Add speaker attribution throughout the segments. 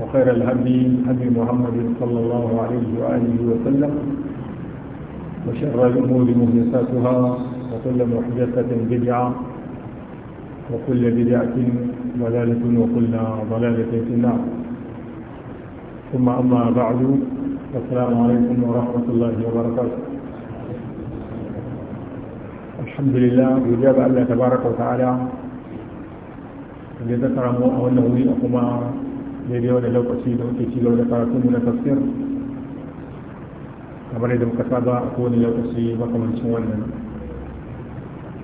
Speaker 1: وخير الهدي هدي محمد صلى الله عليه وآله وسلم وشر الأمور مهدساتها وكل محدثة بدعة وكل بدعة ضلالة وكل ضلالة في النار ثم أما بعد السلام عليكم ورحمة الله وبركاته الحمد لله وجاب الله تبارك وتعالى لذكر مو أو النووي أقوما daidai wani lokaci da muke ci gaba da karatunmu na tafsir kamar yadda muka saba a kowane lokaci makamancin wannan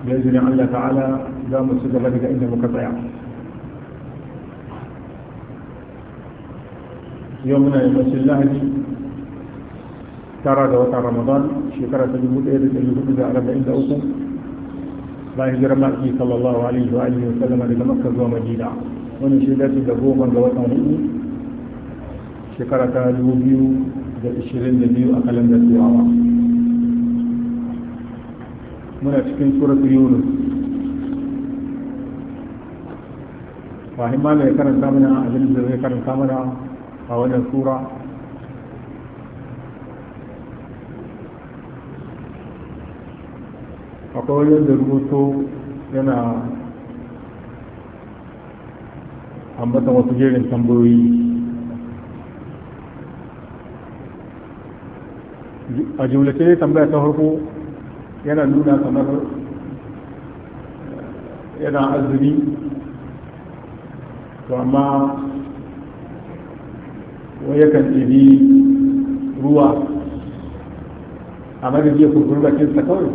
Speaker 1: da yanzu ne Allah ta'ala za mu ci gaba daga inda muka tsaya yau muna yi yammacin lahadi tara da wata ramadan shekara ta dubu ɗaya da ɗari hudu da arba'in da uku bayan hijirar ma'aiki sallallahu alaihi wa alihi wa sallama daga makka zuwa madina wani shi da da goma ga watan hudu shekara ta dubu biyu da ishirin da biyu a kalandar turawa muna cikin suratu yunus fahimma mai karanta mana abin da zai karanta mana a wannan sura akwai wajen da rubuto yana ambata wasu jerin tambayoyi a jimlace ne tambaya ta harko yana nuna kamar eh, yana azumi to amma wani yakan ɗini ruwa a madadin ya kurkuri bakinsa kawai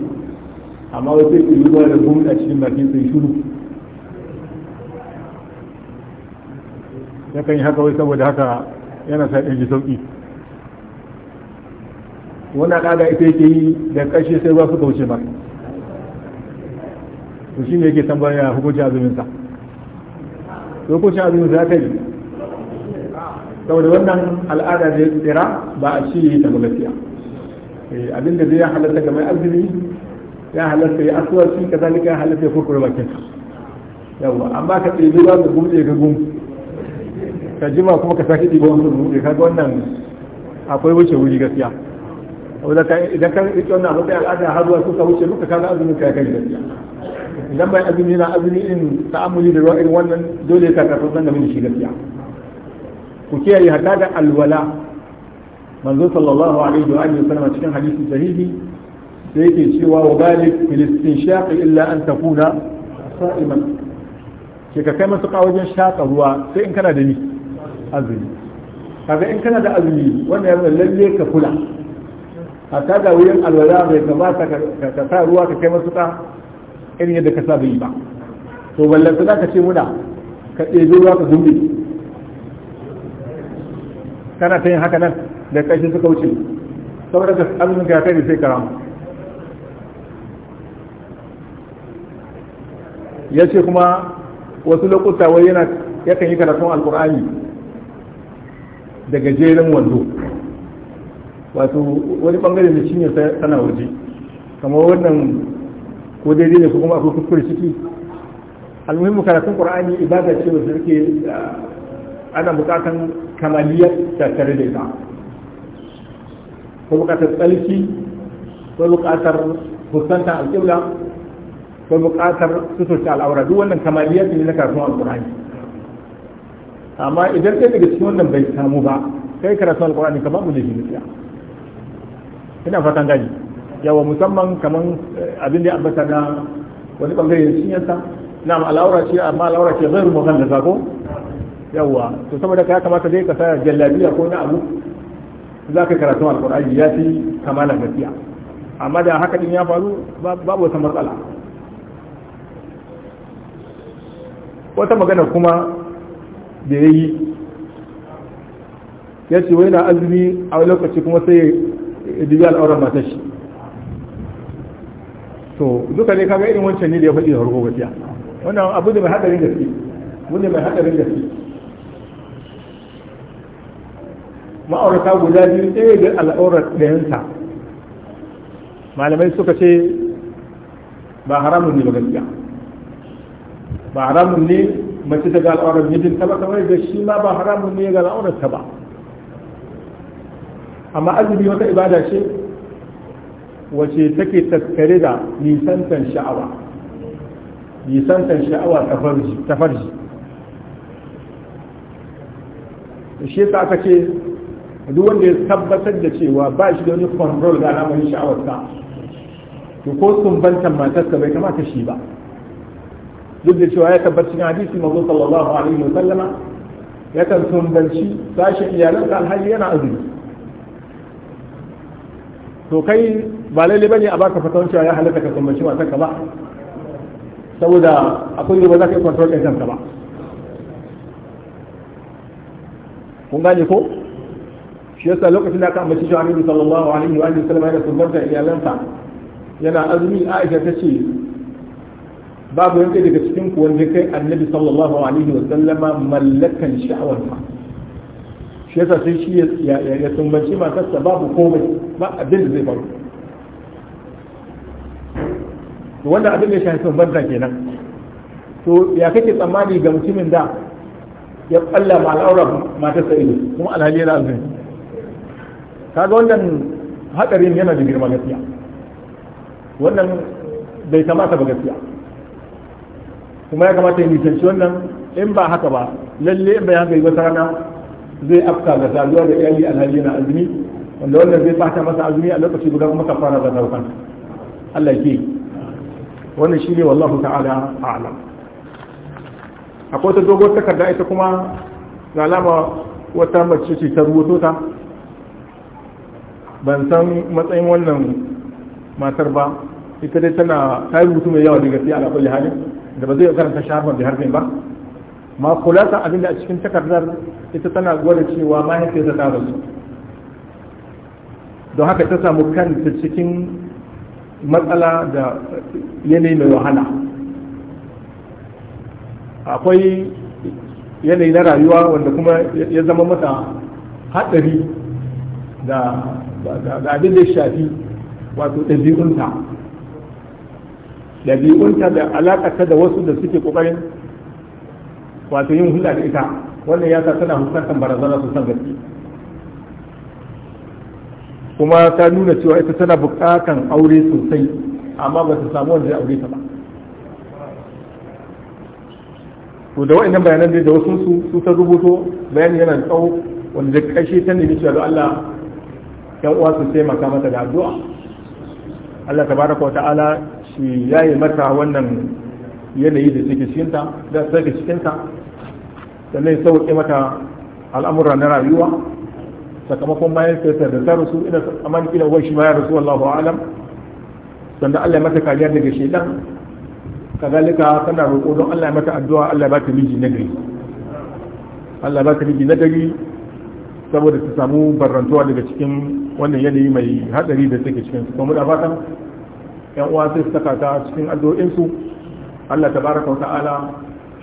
Speaker 1: amma wasu ɗini ruwa da gumi a cikin bakin sai shuru ya kan yi haka wai saboda haka yana sa ɗan ji sauƙi wannan ƙada ita yake yi da ƙarshe sai ba su kauce ba to shi ne yake tambaya hukuncin azuminsa hukuncin azuminsa ya kai saboda wannan al'ada da ya tsira ba a ci ta gaskiya eh, abinda zai ya halatta ga mai azumi ya halatta ya asuwarci ka zalika ya halatta ya kurkure bakin an amma ka ɗebi ba ga gumbe ga gumbe ka jima kuma ka sake ɗiba wasu buɗe kaga wannan akwai wuce wuri gaskiya idan ka riƙe wannan abu kai al'ada har ruwa suka wuce duka kaga azumin ka kai gaskiya idan bai azumi na azumi in ta'amuli da ruwa irin wannan dole ka karɓi san game da shi gaskiya ku kiyaye hatta da alwala manzo sallallahu alaihi wa alihi wasallam cikin hadisi sahihi da yake cewa wa ghalib fil illa an takuna sa'iman ke ka kai masu wajen shaƙa ruwa sai in kana da ni azumi kaga in kana da azumi wannan ya lalle ka kula hatta da wuyan alwala bai kamata ka sa ruwa ka kai masu ta irin yadda ka sa bai ba to ballanta za ka ce muna ka ɗebi ruwa ka zumbi kana ta yin haka nan da kashi suka wuce saboda ka azumin ka kai sai karam ya ce kuma wasu lokuta wai yana yakan yi karatun alkur'ani da gajeren wando wato wani bangare da shine tana waje kamar wannan ko daidai ne ko kuma akwai kuskure ciki almuhimmu karatun qur'ani ibada ce wanda yake ah, ana bukatan kamaliyar tattare da ita ko bukatar tsalki ko bukatar kusanta alƙibla ko bukatar suturta al'aura duk wannan kamaliyar ne na karatun alqur'ani amma idan ɗaya daga cikin wannan bai samu ba kai karatu alkur'ani ka babu da shi gaskiya ina fatan gani yawa musamman kaman eh, abin da ya ambata na wani bangare ya cinye yasa na al'aura ce amma al'aura ce zai rubuta kan da sako yawa to saboda kai kamata dai ka sa jallabiya ko na abu za ka karatu alkur'ani ya fi kamala gaskiya amma da haka din ya faru babu wata matsala wata magana kuma da ya yi ya ce wai na azumi a lokaci kuma sai ya dubi al'auran matar shi to duka ne kaga irin wancan ne da ya faɗi da harko gaskiya wannan abu da mai haɗarin gaske wanda mai haɗarin gaske ma'aurata guda biyu ɗaya da al'aurar ɗayansa malamai suka ce ba haramun ne ba gaskiya ba haramun ne mace ta ga mijin ta ba kamar da shi ma ba haramun ne ga ta ba amma azumi wata ibada ce wace take tattare da nisantan sha'awa nisantan sha'awa ta farji shi yasa aka ce duk wanda ya tabbatar da cewa ba shi da wani control ga al'amarin sha'awarsa to ko sun sumbantan matarsa bai kamata shi ba duk da cewa ya tabbata cikin hadisi manzo sallallahu alaihi wa sallama yakan sumbanci sashen iyalanka alhali yana azumi to kai ba lalle bane a baka fatawan cewa ya halatta ka sumbanci matarka ba saboda akwai yadda ba za ka yi control ɗin kanka ba kun gane ko shi yasa lokacin da aka ambaci shi annabi sallallahu alaihi wa sallam yana sumbantar iyalanka yana azumi Aisha ta ce babu yanka daga cikin ku wanda kai annabi sallallahu alaihi wa sallama mallakan sha'awar ma shi yasa sai shi ya ya tumbanci matarsa babu komai ba abin da zai faru to wannan abin ya shafi tumbanta kenan to ya kake tsammani ga mutumin da ya balla ma al'aura matarsa ido kuma alhali yana azumi kaga wannan hadarin yana da girma gaskiya wannan bai kamata ba gaskiya kuma ya kamata ya nisanci wannan in ba haka ba lalle in bai haka yi wata rana zai afka ga saluwa da iyali alhaji na azumi wanda wannan zai fata masa azumi a lokaci guda kuma kafara da daukan Allah ke wannan shine wallahu ta'ala a'lam akwai ta dogon takarda ita kuma ga alama wata mace ce ta rubuto ta ban san matsayin wannan matar ba ita dai tana ta rubutu mai yawa daga siya a kulli halin da ba zai karanta sharhun da harbin ba ma abin abinda a cikin takardar ita tana gwada cewa mahaifiyata ta rasu don haka ta samu kanta cikin matsala da yanayi mai wahala akwai yanayi na rayuwa wanda kuma ya zama mata haɗari da abin da shafi wato ɗabi'unta ɗabi'unta da ta da wasu da suke ƙoƙarin wato yin hulɗa da ita wannan ya sa tana hukuntar barazana sosan gaske kuma ta nuna cewa ita tana buƙatan aure sosai amma ba ta samu wanda ya aure ta ba to da wa'annan bayanan da wasu su su ta rubuto bayani yana da tsawo wanda da ƙarshe ta nemi cewa Allah ya uwa su taimaka mata da addu'a Allah tabaraka wa ta'ala shi yi mata wannan yanayi da suke cikinta da suke cikinta sannan ya sauƙi mata al'amura na rayuwa sakamakon bayan sai da ta rasu ina aman kila wai shi ma ya rasu wallahu alam sannan Allah ya mata kariya daga shedan kadalika tana roƙo don Allah ya mata addu'a Allah ya ba ta miji na gari Allah ya ba ta miji na gari saboda ta samu barrantuwa daga cikin wannan yanayi mai hadari da take cikin su kuma da fatan yan uwa sai su saka ta cikin addu'o'insu Allah tabaraka wa ta'ala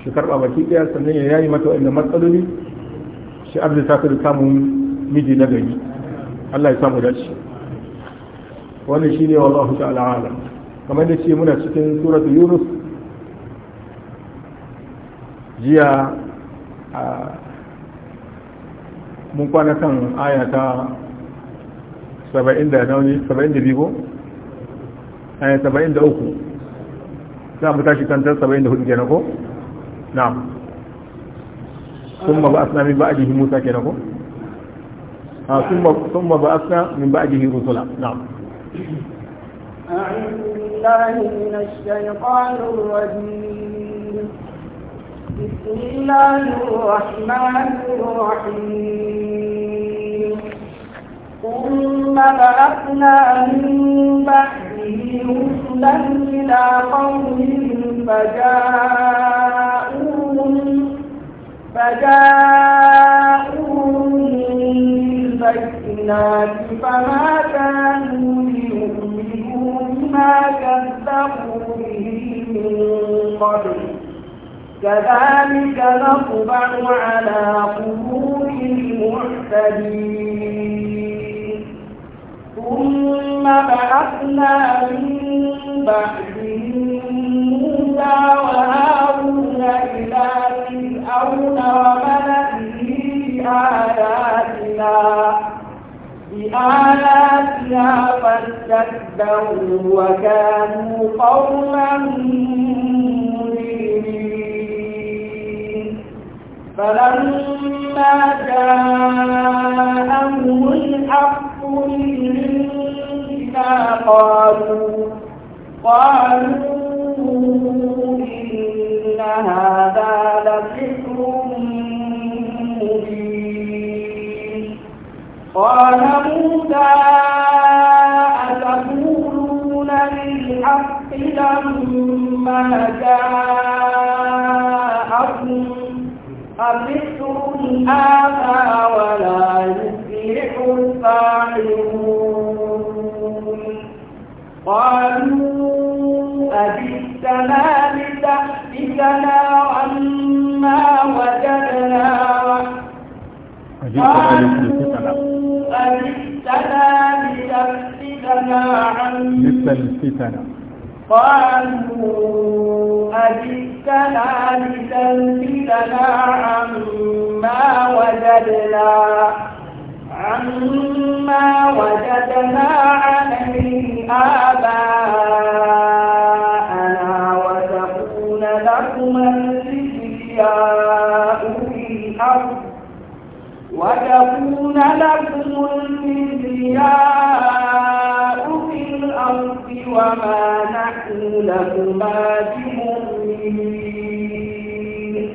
Speaker 1: shi karba baki daya sannan ya yayi mata wannan matsaloli shi arzuta ta da samun miji na gari Allah ya samu dace wannan shine wallahu ta'ala alam kamar da ce muna cikin suratul yunus jiya mun kwana kan aya ta 70 da nauni 72 Eh, aya 73 za mu tashi kan 74 kenan ko na'am kuma ba asna min ba'dihi Musa kenan ha ah, kuma kuma ba asna min ba'dihi Rusula na'am
Speaker 2: بسم الله به إلى قومهم فجاءوهم فجاءوهم بالبينات فما كانوا ليؤمنوا بما كذبوا به من قبل كذلك نطبع على قلوب المعتدين ثم بعثنا من بعده موسى وهارون إلى فرعون وملئه بآياتنا
Speaker 3: بآياتنا
Speaker 2: فاستكبروا وكانوا قوما مجرمين فلما جاءهم الحق من قالوا قالوا إن هذا لفكر مبين قال موسى أتقولون للحق لما جاءكم أفسر هذا ولا يفلح الفاعلون قالوا أبئتنا لتحدثنا عما وجدنا
Speaker 3: قالوا
Speaker 2: أبئتنا لتلفتنا عما قالوا أجئتنا لتلفتنا عما وجدنا عما وجدنا عليه آه يكون لكم الكبرياء في الأرض وما نحن لكما بمؤمنين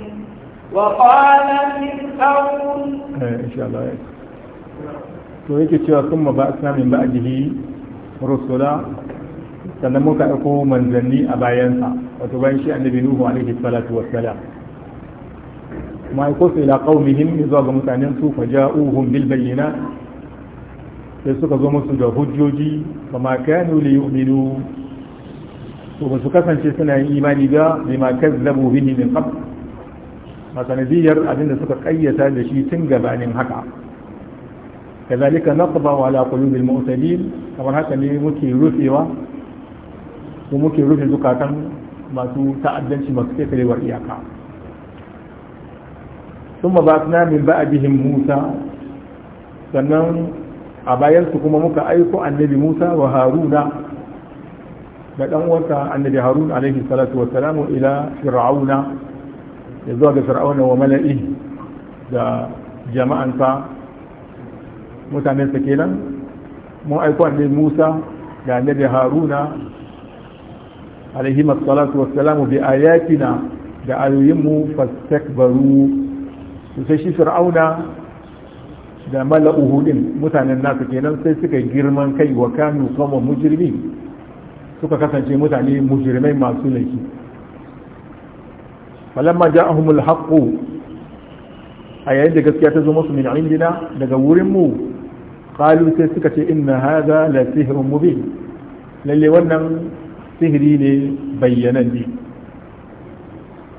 Speaker 2: وقال فرعون إن
Speaker 1: شاء الله to yake cewa sun ba a min ba a rusula sannan muka ɗauko manzanni a bayansa wato bayan shi annabi nuhu alaihi salatu wassalam kuma aiko su ila qaumihim zuwa ga mutanen su faja'uhum bil bayyinat sai suka zo musu da hujjoji kama kanu li yu'minu to ba su kasance suna yin imani ga bima kazzabu bihi min qabl masanadiyar abinda suka kayyata da shi tun gabanin haka kazalika naqba ala qulubil mu'tadin kamar haka ne muke rufewa ko muke rufe zukatan masu ta'addanci masu kekarewar iyaka sun ma ba su na min bihin musa sannan a bayansu kuma muka aiko annabi musa wa haruna da ɗan wata annabi Haruna alaihi salatu wa salamu ila fir'auna ya zuwa ga fir'auna wa mala'i da jama'ansa mutanensa kenan mun aiko annabi musa da annabi haruna alaihi salatu wa salamu bi ayatina da ayoyinmu fastakbaru sai shi fir'auna da mala din mutanen nasu kenan sai suka girman kai wa kanu kama mujirmi suka kasance mutane mujirmai masu laifi falamma ja'ahumul haqqu a yayin da gaskiya ta zo musu min indina daga wurin mu qalu sai suka ce inna hadha la sihrun mubin lalle wannan sihiri ne ne.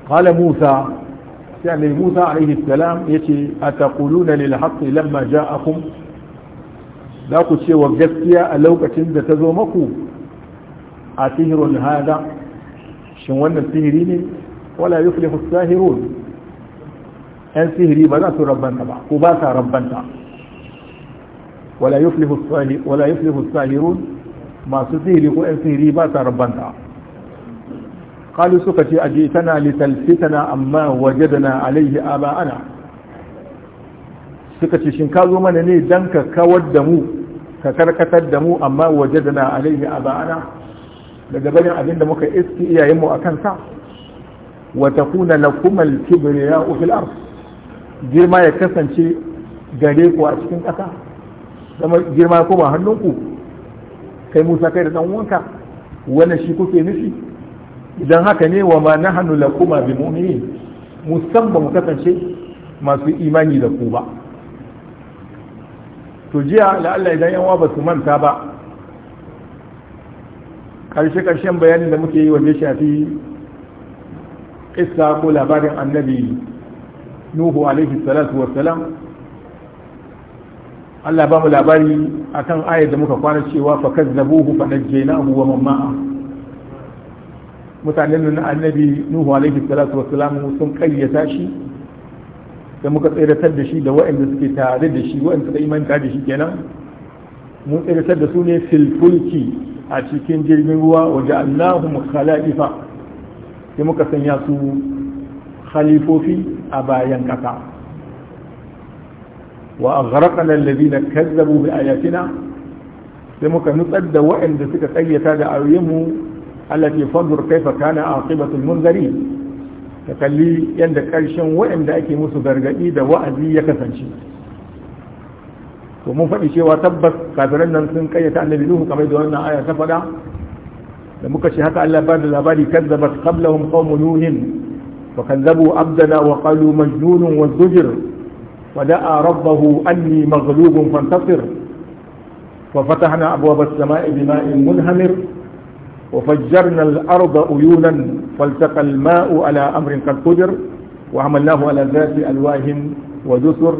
Speaker 1: qala musa يعني موسى عليه السلام يتي أتقولون للحق لما جاءكم لاكو شيء وقفتيا اللوكة تند تزومكو أتهر هذا شنوان السهريني ولا يفلح الساهرون أن سهري بدأت ربا نبع قباسا ربا ولا يفلح الساهرون ما سهري لقو أن سهري بدأت ربا نبع qalu suka ce aje tana litalfitana amma wajadana alaihi aba'ana suka ce shin ka zo mana ne dan ka kawar da mu ka karkatar da mu amma wajadana alaihi aba'ana daga barin abin da muka iski iyayenmu a kansa wa takuna lakum al-kibriya fil ard girma ya kasance gare ku a cikin kasa. girma ko ba hannunku kai Musa kai da ɗan uwanka wannan shi kuke nufi idan haka ne wa ma hannu lakuma bi mu'minin musamman kasance masu imani da ku ba to jiya la'alla idan yanwa ba su manta ba karshe karshen bayanin da muke yi wanda shafi isa ko labarin annabi nuhu alaihi salatu wassalam Allah ba mu labari akan ayar da muka kwana cewa fa kazzabuhu fa najjaynahu wa man ma'a mutanen na annabi nuhu alaihi salatu wa wassalam sun kayyata shi da muka tseratar da shi da waɗanda suke tare da shi waɗanda suka imanta da shi kenan mun tseratar da su ne filfulki a cikin jirgin ruwa waje allahum khala'ifa sai muka sanya su khalifofi a bayan ƙasa wa aghraqna alladhina kazzabu bi ayatina sai muka nutsar da waɗanda suka kayyata da ayoyinmu Allah ke fanzur kaifa kana aqibatul munzari ka kalli yadda karshen waɗanda ake musu gargadi da wa'azi ya kasance to mun faɗi cewa tabbas kafiran nan sun kayyata annabi Nuhu kamar da wannan aya ta faɗa da muka ce haka Allah ba da labari kazzabat qablahum qawmu nuhin wa kazzabu abdana wa qalu majnunun wa zujir wa da'a rabbahu anni maghlubun fantasir wa fatahna abwaba as-sama'i bima'in munhamir وفجرنا الأرض عيونا فالتقى الماء على أمر قد قدر وعملناه على ذات ألواه ودثر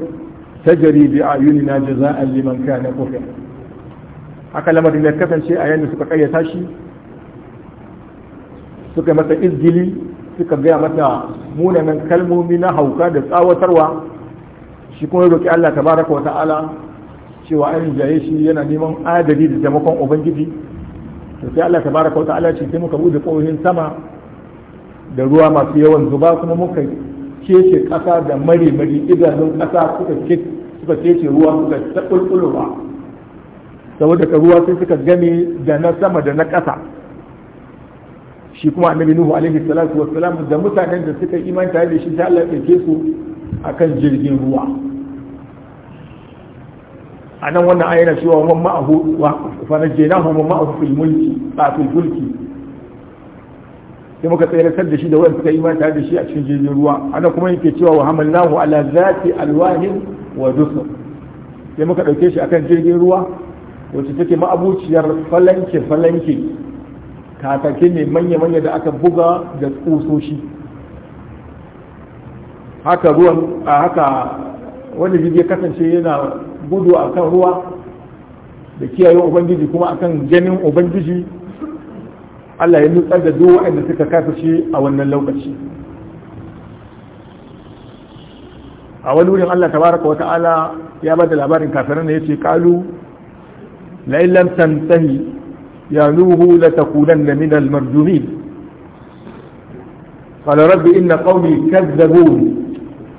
Speaker 1: تجري بأعيننا جزاء لمن كان كفر haka lamarin ya kasance a yayin suka kayyata shi suka masa izgili suka gaya mata munanan kalmomi na hauka da tsawatarwa shi kuma roƙi Allah tabaraka wa ta'ala cewa an jaye shi yana neman adali da taimakon ubangiji to sai Allah tabaraka wa ta'ala ce sai muka bude kohin sama da ruwa masu yawan zuba kuma muka kece kasa da mare mare idanun kasa suka suka kece ruwa suka tsakulkulwa saboda ka ruwa sai suka gane da na sama da na kasa shi kuma annabi nuhu alaihi salatu wassalam da mutanen da suka imanta da shi sai Allah ɗauke su akan jirgin ruwa a nan wannan na cewa man ma'ahu wa fanajjaynahu man ma'ahu fil mulki a fil fulki sai muka tsayar da shi da wanda suka imani tare da shi a cikin jirgin ruwa ana kuma yake cewa wa Hamallahu ala zati alwahin wa dusur sai muka dauke shi akan jirgin ruwa wacce take ma'abuciyar falanke falanke katake ne manya manya da aka buga da tsososhi haka ruwan a haka wanda jirgi ya kasance yana gudu a kan ruwa da kiyaye ubangiji kuma akan ganin ubangiji Allah ya nutsar da duwa inda suka kafirce a wannan lokaci a wani wurin Allah tabaraka wa ta'ala ya bada labarin kafirin da ya ce kalu la illam tantahi ya nuhu la takunanna na minal marjumin qala rabbi inna qawmi kadhabun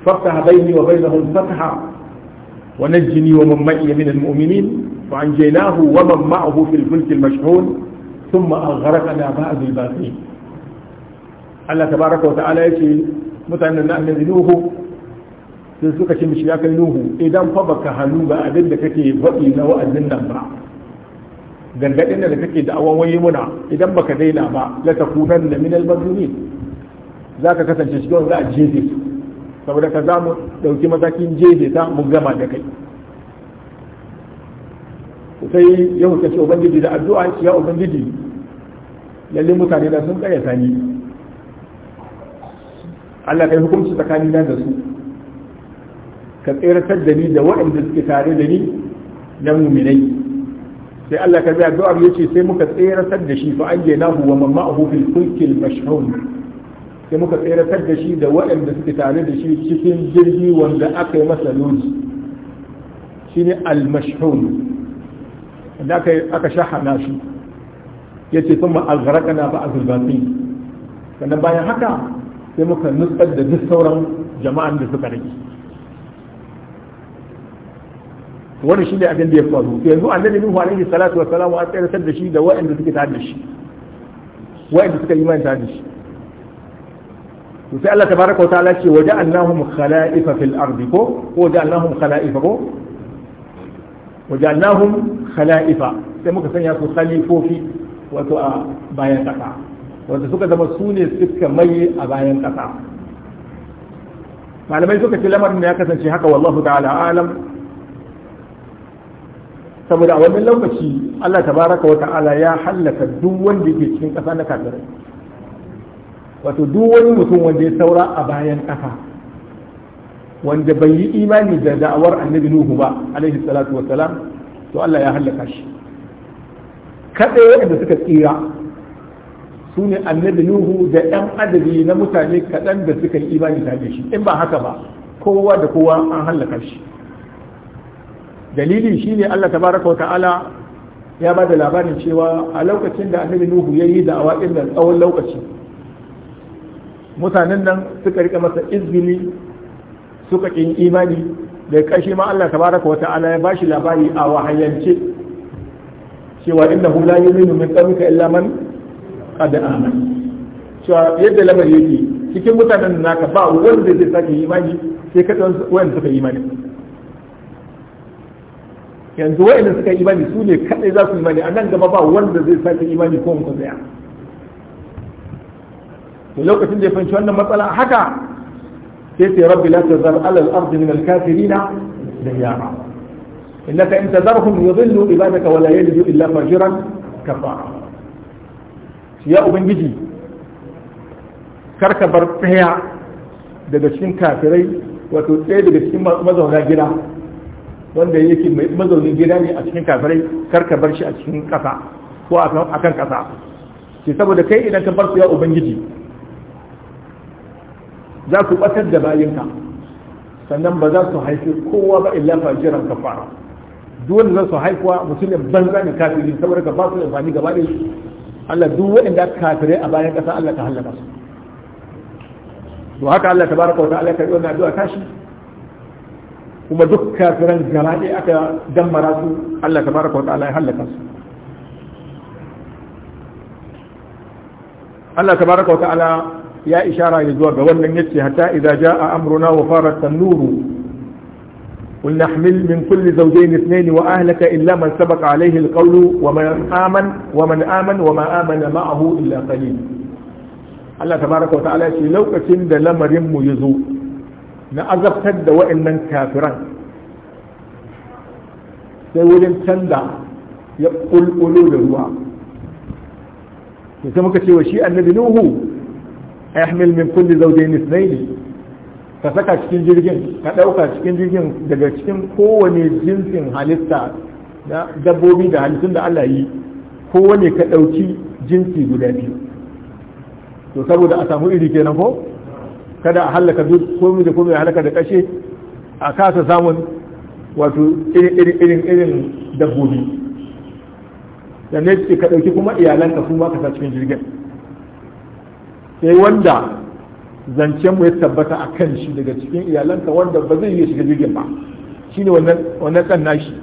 Speaker 1: فافتح بيني وبينه الفتح ونجني ومن معي من المؤمنين فأنجيناه ومن معه في الفلك المشحون ثم أغرقنا بعد الباقين الله تبارك وتعالى يشي متعنى نحن ذنوه تنسوك شي مش ياك ذنوه إذا انفضك هلوبا أدنك كي بقي نوى أدننا بعض gangadin da kake da awawai muna idan baka daina ba la takunan min al-mazlumin zaka kasance saboda ka za mu ɗauki matakin jeje ta mu gama da kai sai ya hukace ubangiji da addu'a ya ubangiji lalle mutane da sun tsaya sani Allah kai hukunci tsakani na da su ka tseratar da ni da waɗanda suke tare da ni na muminai sai Allah ka zai addu'ar yace sai muka tseratar da shi fa an nahu wa man ma'ahu fil sai muka tseratar da shi da waɗanda suke tare da shi cikin jirgi wanda aka yi masa loji shi ne almashhun wanda aka shahana shi ya ce sun ma'azaraka na ba'azulbafi sannan bayan haka sai muka nutsar da duk sauran jama'an da suka rage wani shi ne abin da ya faru yanzu annabi nuhu alaihi salatu wa salamu an tseratar da shi da waɗanda suke tare da shi waɗanda suka yi imani tare da shi sai Allah tabaraka ta'ala ce waje waja'alnahum khala'ifa fil ardi ko ko waje ja'alnahum khala'ifa ko waje waja'alnahum khala'ifa sai muka sanya su khalifofi wato a bayan kasa wanda suka zama su ne suka maye a bayan kasa malamai suka ce lamarin da ya kasance haka wallahu ta'ala alam saboda a wannan lokaci Allah tabaraka wa ta'ala ya hallaka duk wanda yake cikin kasa na kafirai wato duk wani mutum wanda ya saura a bayan kafa wanda bai yi imani da da'awar annabi nuhu ba alaihi salatu wassalam to Allah ya hallaka shi kaɗai waɗanda suka tsira su ne annabi nuhu da yan adadi na mutane kaɗan da suka yi imani tare shi in ba haka ba kowa da kowa an hallaka shi dalili shine Allah tabaraka wa ta'ala ya ba da labarin cewa a lokacin da annabi nuhu ya yi da'awa ɗin tsawon lokaci mutanen nan suka rika masa izini suka kin imani da kashi ma Allah tabaraka wa ta'ala ya bashi labari a wahayance cewa innahu la yuminu min qawlika illa man qad amana cewa yadda labari yake cikin mutanen naka ba wanda zai sake imani sai dan wanda suka imani yanzu wa'anda suka imani su ne kadai za su imani a nan gaba ba wanda zai sake imani ko mun tsaya to lokacin da ya fahimci wannan matsala haka sai sai rabbi la tazar alal ardi min al-kafirina dayyara innaka in tazarhum yudhillu ibadaka wa la yalidu illa fajiran kafara ya ubangiji karka bar tsaya daga cikin kafirai wato tsaye daga cikin mazauna gida wanda yake mazaunin gida ne a cikin kafirai karka bar shi a cikin kasa ko a kan kasa ce saboda kai idan ka bar su ya ubangiji za ku ɓatar da bayinka sannan ba za su haifi kowa ba illa fajiran kafara duk wanda za su haifuwa musulmin banza ne kafiri saboda ka ba su da amfani gaba ɗaya Allah duk waɗanda kafirai a bayan ƙasa Allah ta halaka su to haka Allah ta baraka wata ta'ala ya karɓi wannan addu'a tashi kuma duk kafiran gaba ɗaya aka dammara su Allah baraka wata ta'ala ya halaka su Allah baraka wata ta'ala يا إشارة ya zuwa ga wannan yace hatta idza jaa amruna wa قل نحمل من كل زوجين اثنين وأهلك إلا من سبق عليه القول ومن آمن ومن آمن وما آمن معه إلا قليل الله تبارك وتعالى شي لو كتند لمرم يزو نأذب تد وإن كافرا سيولين تند يقول قلول الرواء يسمى كتير وشيء النبي نوه ahmil min kulli zawjayn ithnayn ka saka cikin jirgin ka dauka cikin jirgin daga cikin kowane jinsin halitta da dabbobi da halittun da Allah yi kowane ka dauki jinsi guda biyu to saboda a samu iri kenan ko kada a halaka duk komai da komai halaka da kashe a kasa samun wato irin irin irin dabbobi sannan ka dauki kuma iyalanka su ma ka sa cikin jirgin sai wanda zancen mu ya tabbata a kan shi daga cikin iyalanka wanda ba zai iya shiga jirgin ba shine wannan wannan kan nashi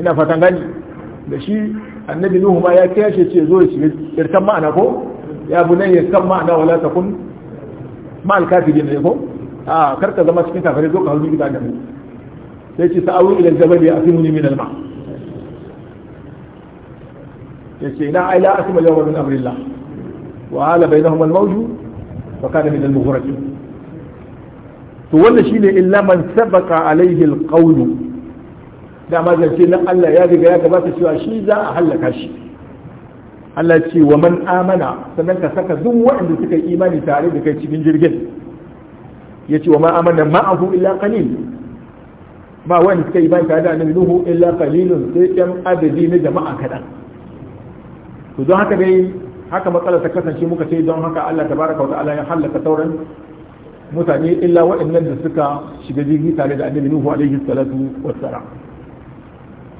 Speaker 1: ina fatan gani da shi annabi nuhu ma ya kiyashe ce zo ya shiga irkan ma'ana ko ya bu ya san ma'ana wala ta kun ma'al kafi ne ko a karka zama cikin kafare zo ka hau jirgin da mu sai ce sa'awu ila jabal ya asimuni min al ya ce ina aila la asma yawma min وعال بينهما الموج فكان من المغرقين to wannan shine illa man sabaqa alaihi alqawlu da ma zance na Allah ya riga ya gabata cewa shi za a halaka shi Allah ce wa man amana sannan ka saka duk waɗanda suka yi imani tare da kai cikin jirgin yace wa ma amana ma'ahu illa qalil ba wani suka yi imani tare da annabi nuhu illa qalilun sai yan adadi na jama'a kadan to don haka dai haka matsalar ta kasance muka ce don haka Allah tabaraka wa ta'ala ya halaka sauran mutane illa waɗannan da suka shiga jirgi tare da annabi Nuhu alaihi salatu wassalam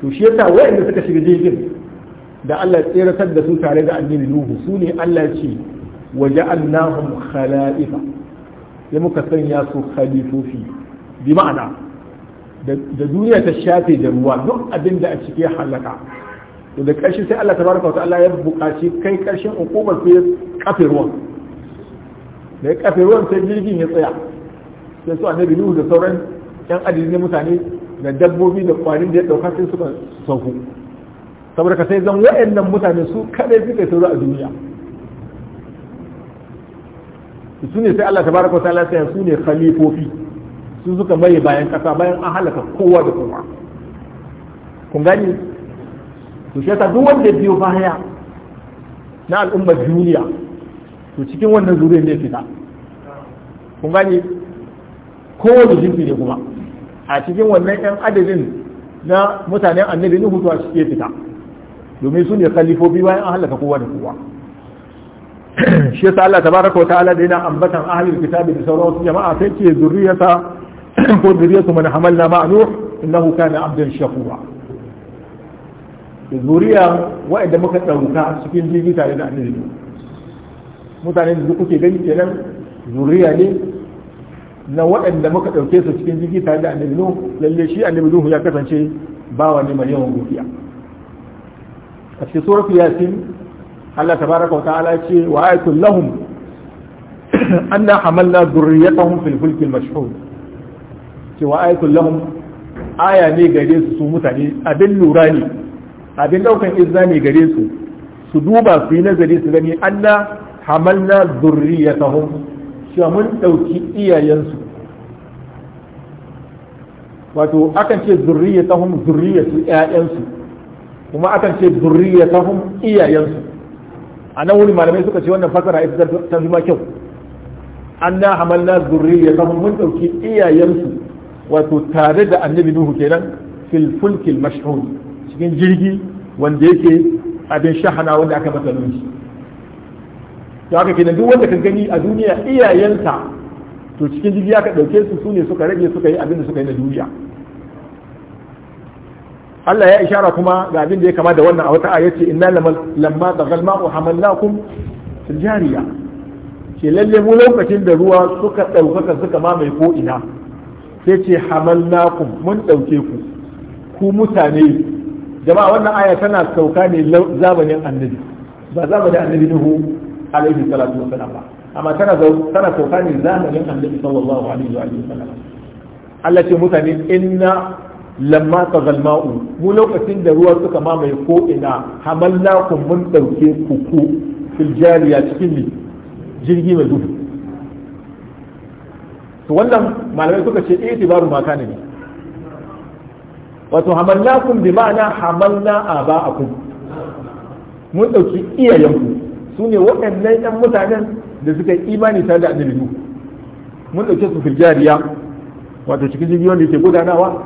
Speaker 1: to shi yasa waɗanda suka shiga jirgin da Allah ya tseratar da su tare da annabi Nuhu su ne Allah ya ce waja'alnahum khala'ifa ya muka sanya su khalifofi bi ma'ana da duniya ta shafe da ruwa duk abin da a cike halaka to da ƙarshe sai Allah tabaraka wa ta'ala ya buƙaci kai ƙarshen hukumar sai ya kafe ruwan da ya kafe ruwan sai jirgin ya tsaya sai su annabi Nuhu da sauran yan adadin mutane da dabbobi da kwari da ya dauka sai suka sauku saboda ka sai zan wa'annan mutane su kadai suka sauri a duniya su ne sai Allah tabaraka wa ta'ala sai su ne khalifofi su suka maye bayan kasa bayan an halaka kowa da kowa kun gani to shi yasa duk wanda biyo baya na al'ummar duniya to cikin wannan zuriyar ne fita kun gani kowane jinsi ne kuma a cikin wannan yan adadin na mutanen annabi hutuwa to ke fita domin su ne kalifofi bayan an halaka kowa da kowa shi yasa Allah tabaraka wa ta'ala da yana ambatan ahlul kitabi da sauran wasu jama'a sai ce zuriyarsa ko zuriyarsu man hamalna ma'nuh innahu kana abdan shakura zuriya wa'anda muka ɗauka cikin jirgi tare da annabi mutane da kuke gani kenan zuriya ne na waɗanda muka ɗauke su cikin jirgin tare da annabi lalle shi annabi nuhu ya kasance bawa ne mai yawan gofiya a cikin suratul yasin Allah tabaraka wa ta'ala ce wa ayatul lahum anna hamalna dhurriyyatahum fil fulki al mashhud ce wa ayatul lahum aya ne gare su mutane abin lura ne abin daukan izza ne gare su su duba su yi nazari su gani anna hamalna zurriyatahum shi mun dauki iyayensu wato akan ce zurriyatahum zurriyatu iyayensu kuma akan ce zurriyatahum iyayensu a nan wuri malamai suka ce wannan fasara ita ta fi ma kyau anna hamalna zurriyatahum mun dauki iyayensu wato tare da annabi nuhu kenan fil fulkil mashhur cikin jirgi wanda yake abin shahana wanda aka masa nuni to haka kenan duk wanda ka gani a duniya iyayensa to cikin jirgi aka ɗauke su su ne suka rage suka yi abin da suka yi na duniya Allah ya ishara kuma ga abin da ya kama da wannan a wata aya inna lamma dagal ma'u hamalnakum fil jariya ce lalle mu lokacin da ruwa suka ɗaukaka suka mamaye ko ina sai ce hamalnakum mun ɗauke ku ku mutane jama'a wannan aya tana sauka ne zamanin annabi ba zamanin annabi nuhu alaihi salatu wasalam ba amma tana tana sauka ne zamanin annabi sallallahu alaihi wa sallam Allah ce mutane inna lamma tagal ma'u mu lokacin da ruwa suka mamaye ko ina hamallakum mun dauke ku ku fil jariya cikin jirgi mai duhu to wannan malamai suka ce eh tibaru maka ne wato kun bi ma'ana a aba'akum mun dauki iyayenku su ne waɗannan ɗan mutanen da suka yi imani tare da annabi mun dauke su fil jariya wato cikin jigiyon da yake gudanawa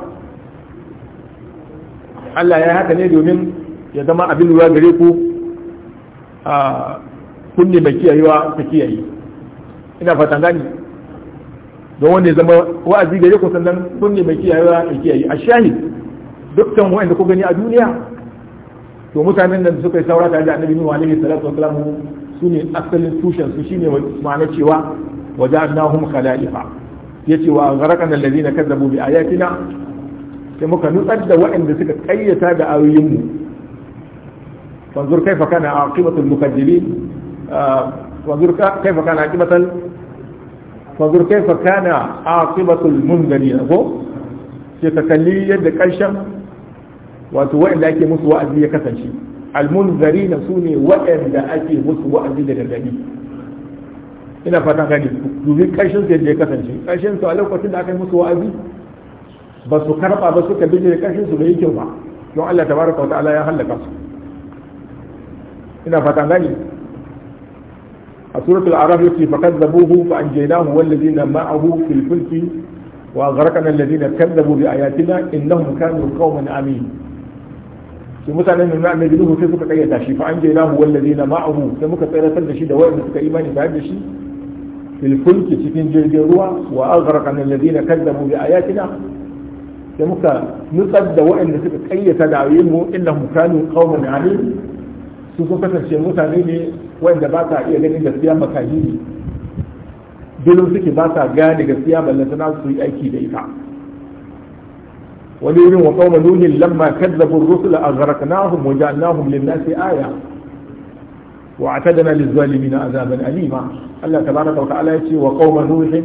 Speaker 1: Allah ya haka ne domin ya zama abin ruwa gare ku a kunne mai kiyayewa ta kiyaye ina fatan gani don wanda ya zama wa'azi gare ku sannan kunne mai kiyayewa ta kiyaye a shahid dukkan wanda ku gani a duniya to mutanen da suka yi saurata da annabi nuhu alaihi salatu wasalam su ne asalin tushen su shine ma'ana cewa waja'alnahum khala'ifa yace wa gharaqan alladhina kazzabu bi ayatina sai muka nutsar da waɗanda suka kayyata da ayoyin mu fanzur kaifa kana aqibatul mukadzibin fanzur kaifa kana aqibatul fanzur kaifa kana aqibatul mundarin ko sai ka kalli yadda karshen wato waɗanda ake musu wa'azi ya kasance almunzarina su ne waɗanda ake musu wa'azi da gargaɗi ina fatan gani dubi ƙarshen su yadda ya kasance ƙarshen su a lokacin da aka yi musu wa'azi ba su karɓa ba suka bi da ƙarshen su bai yi kyau ba don Allah tabaraka wa ta'ala ya halaka su ina fatan gani a suratul araf yake fakazzabuhu fa anjaynahu wallazina ma'ahu fil fulki wa gharqana alladhina kazzabu bi ayatina innahum kanu qauman amin to mutanen nan annabi Nuhu sai suka kayyata shi fa an je anjaynahu wallazina ma'ahu sai muka tsayar da shi da wanda suka imani tare da shi fil fulki cikin jirgin ruwa wa aghraqna alladhina kadzabu bi ayatina sai muka nutsar da waɗanda suka kayyata da ayoyin mu innahum kanu qauman alim su sun kasance mutane ne waɗanda ba sa iya ganin gaskiya makahi ne bilin suke ba sa gane gaskiya ballantana su yi aiki da ita وليرين وقوم نوح لما كذبوا الرسل أغرقناهم وجعلناهم للناس آية وأعتدنا للظالمين عذابا أليما الله تبارك وتعالى يقول وقوم نوح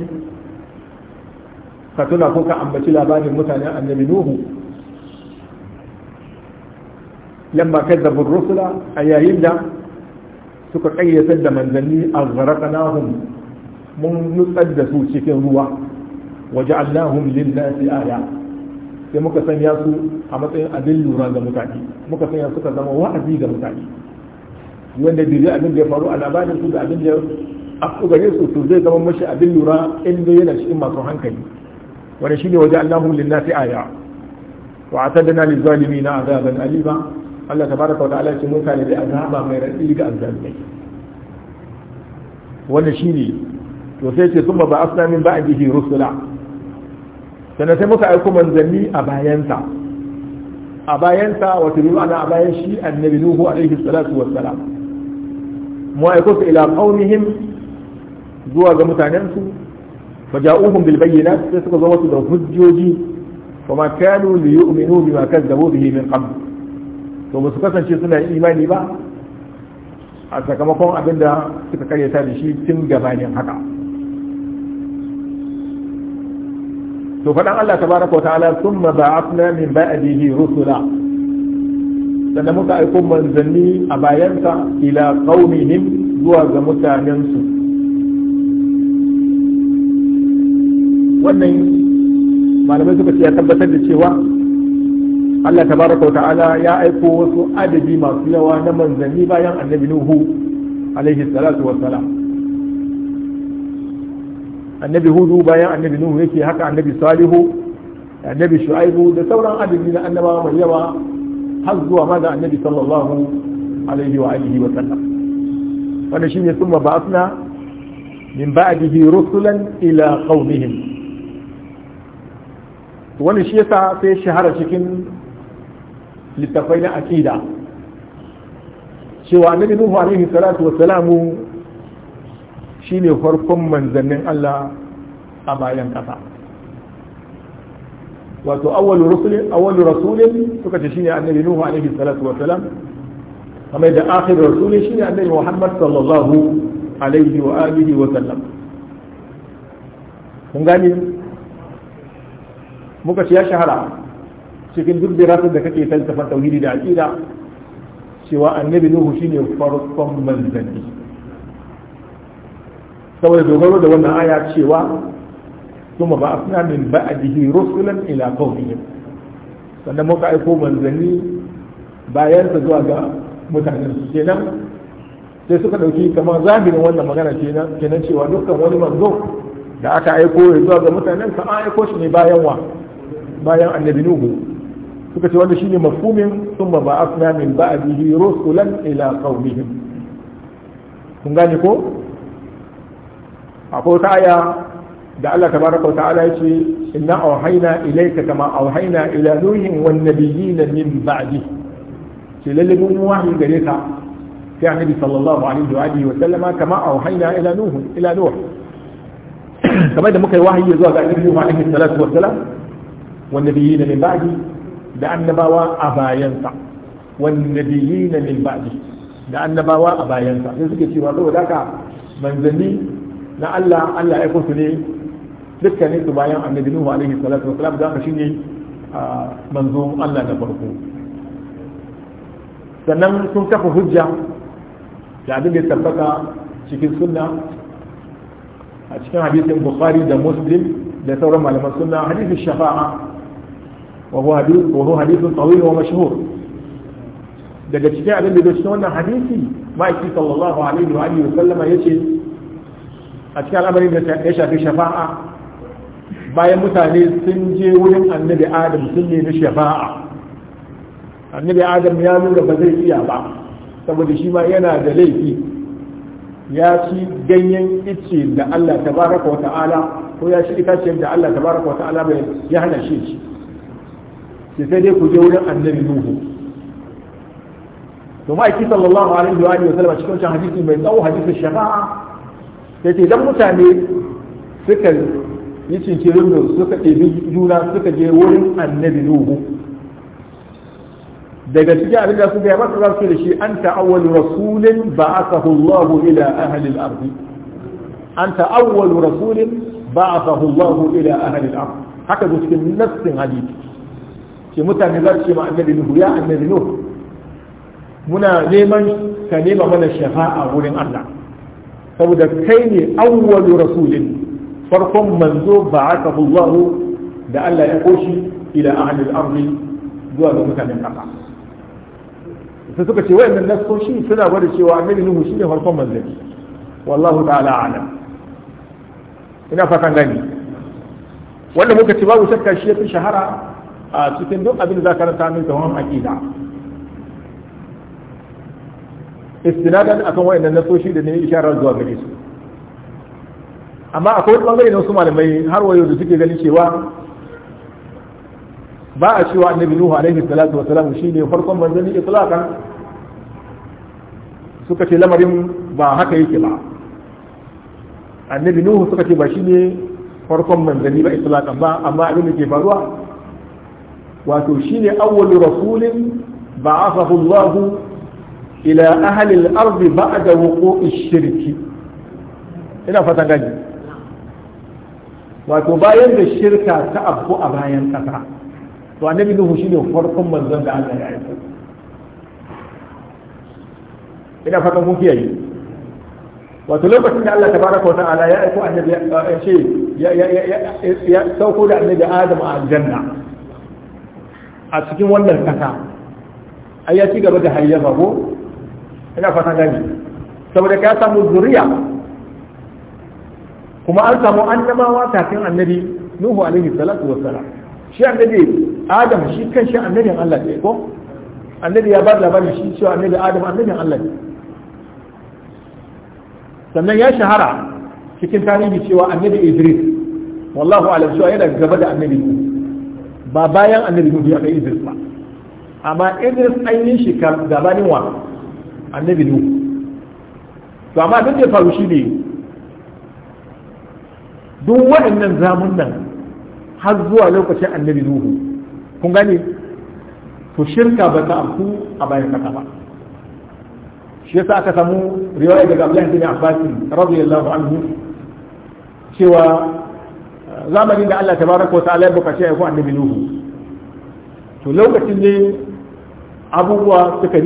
Speaker 1: فتنا فوق عم بتلا بان المتنى أن منوه لما كذبوا الرسل أيا يبدا سوك da manzanni a أغرقناهم mun nutsar da su وجعلناهم للناس waje آية. sai muka sanya su a matsayin abin lura ga mutane muka sanya suka zama wa'azi ga mutane wanda dirje abin da ya faru a labarin su da abin da a kogare su to zai zama mashi abin lura inda yana cikin masu hankali wanda ne waje Allahu lillahi aya wa a atadna lil a azaban alima Allah ta fara ta'ala ya ce mutane kare da azaba mai raddi ga wanda shi ne to sai ce sun ba ba a jihi rusula sannan sai muka aiko manzanni a bayansa a bayansa wata bi ma'ana a bayan shi annabi nuhu alaihi salatu wassalam mu aiko su ila qaumihim zuwa ga mutanensu faja'uhum bil bayyinat sai suka zo musu da hujjoji kuma kanu li yu'minu bima kazzabu bihi min qabl to su kasance suna imani ba a sakamakon abinda suka karyata da shi tun gabanin haka to faɗan Allah tabaraka wa ta'ala summa ba'athna min ba'dihi rusula sannan muka aiko manzanni a bayansa ila qaumihim zuwa ga su wannan malamai suka ce ya tabbatar da cewa Allah tabaraka wa ta'ala ya aiko wasu adadi masu yawa na manzanni bayan annabi Nuhu alaihi salatu wa annabi hudu bayan annabi nuhu yake haka annabi salihu annabi shu'aibu da sauran adadi na annaba mai yawa har zuwa ma da annabi sallallahu alaihi wa alihi wa sallam wanda shine summa ba'athna min ba'dihi rusulan ila qaumihim wannan shi yasa sai shahara cikin littafai na akida cewa annabi nuhu alaihi salatu wa salamu Shi ne farkon manzannin Allah a bayan kasa wato awwalu rasulun awwalu rasulin suka ce shine annabi nuhu a nufin salatu wa salam kamar da akhir shi shine annabi muhammad sallallahu alaihi wa alihi wa sallam kun gani muka ce ya shahara cikin duk rasu da kake falsafar tauhidi da aƙida cewa annabi nuhu shi ne farkon manzanni saboda dogaro da wannan aya cewa kuma ba asna min ba'dihi rusulan ila qawmihim sannan muka aiko manzanni bayan ta zuwa ga mutanen su kenan sai suka dauki kamar zabirin wannan magana kenan kenan cewa dukkan wani manzo da aka aiko ya zuwa ga mutanen sa an aiko shi ne bayan wa bayan annabi nuhu suka ce wanda shine mafhumin thumma ba'athna min ba'dihi rusulan ila qaumihim kun gane ko akwai wata aya da Allah tabaraka wa ta'ala ya ce inna auhayna ilayka kama auhaina ila nuhin wan nabiyina min ba'di ce lalle mun wahayi gare ka sai annabi sallallahu alaihi wa alihi wa sallama kama auhayna ila nuh ila nuh kamar da muka yi wahayi zuwa ga annabi Nuhu alaihi salatu wa salam wan nabiyina min ba'di da annabawa a bayansa wan nabiyina min ba'di da annabawa a bayansa sai suke cewa saboda haka manzanni na Allah Allah ya su ne dukkanin su bayan annabi Nuhu alaihi salatu wasalam da shi ne manzo Allah na farko sannan sun kafa hujja da abin da tabbata cikin sunna a cikin hadisin bukhari da muslim da sauran malaman sunna hadisin shafa'a wa huwa hadisin tawil wa mashhur daga cikin abin da cikin wannan hadisi ma'aiki sallallahu alaihi wa alihi wa sallama yace a cikin al'amarin da ya shafi shafa'a bayan mutane sun je wurin annabi adam sun nemi shafa'a annabi adam ya nuna ba zai iya ba saboda shi ma yana da laifi ya ci ganyen icce da Allah Ta baraka wa ta'ala, ko ya ci itaciyar da Allah tabaraka wata'ala bai ya hana shi shi sai dai ku je wurin annabi nuhu to ma'aiki sallallahu alaihi wa sallam a cikin wancan hadisi mai tsawo hadisin shafa'a ya ce idan mutane suka yi cincirin da suka ɗebi juna suka je wurin annabi nuhu daga cikin abin da suka yi masa za su da shi an ta'awwalu rasulin ba'athahu Allahu ila ahli al-ardh an ta'awwalu rasulin ba'athahu Allahu ila ahli al-ardh haka zo cikin nassin hadisi ce mutane za su ce ma annabi nuhu ya annabi nuhu muna neman ka nema mana a wurin Allah saboda kai ne awwalu rasulin farkon manzo ba'athahu Allah da Allah ya koshi ila a hannun ardi zuwa ga mutanen ƙasa sai suka ce wayannan nasoshi suna gwada cewa annabi nuhu shine farkon manzo wallahu ta'ala alam ina fatan gani wanda muka ce babu shakka shi ya fi shahara a cikin duk abin da za ka ranta min tawon aqida istinadan akan wayannan nasoshi da ne isharar zuwa gare su amma akwai wani bangare na wasu malamai har wayo da suke ganin cewa ba a cewa annabi nuhu alaihi salatu wa salam shine farkon manzanni itlaqan suka ce lamarin ba haka yake ba annabi nuhu suka ce ba shine farkon manzanni ba itlaqan ba amma abin da ke faruwa wato shine awwalu rasulin ba'athahu allahu ila ahalil arzi ba da wuƙo'i shirki ina fatan gani wato bayan da shirka ta abu a bayan ƙasa to annabi nuhu shine farkon manzon da Allah ya yi ina fatan mun kiyaye wato lokacin da Allah tabaraka wa ta'ala ya aiko annabi ya ce ya ya ya sauko da annabi Adam a aljanna a cikin wannan kasa ai ya ci gaba da hayyafa ko ina fata gani saboda ka samu zuriya kuma an samu annabawa kafin annabi nuhu alaihi salatu wassalam shi annabi adam shi kan shi annabin Allah ne ko annabi ya ba da labarin shi cewa annabi adam annabin Allah ne sannan ya shahara cikin tarihi cewa annabi idris wallahu alam cewa yana gaba da annabi ba bayan annabi nuhu ya kai idris ba amma idris ainihin yi shi gabanin wa annabi nuhu to amma abin da ya faru shi ne duk waɗannan zamun nan har zuwa lokacin annabi nuhu kun gane to shirka ba ta afku a bayan kasa ba shi yasa aka samu riwaya daga Abdullahi bin Abbas radiyallahu anhu cewa uh, zamanin da Allah tabaraka wa ta'ala ya bukaci ko ku annabi nuhu to lokacin ne abubuwa suka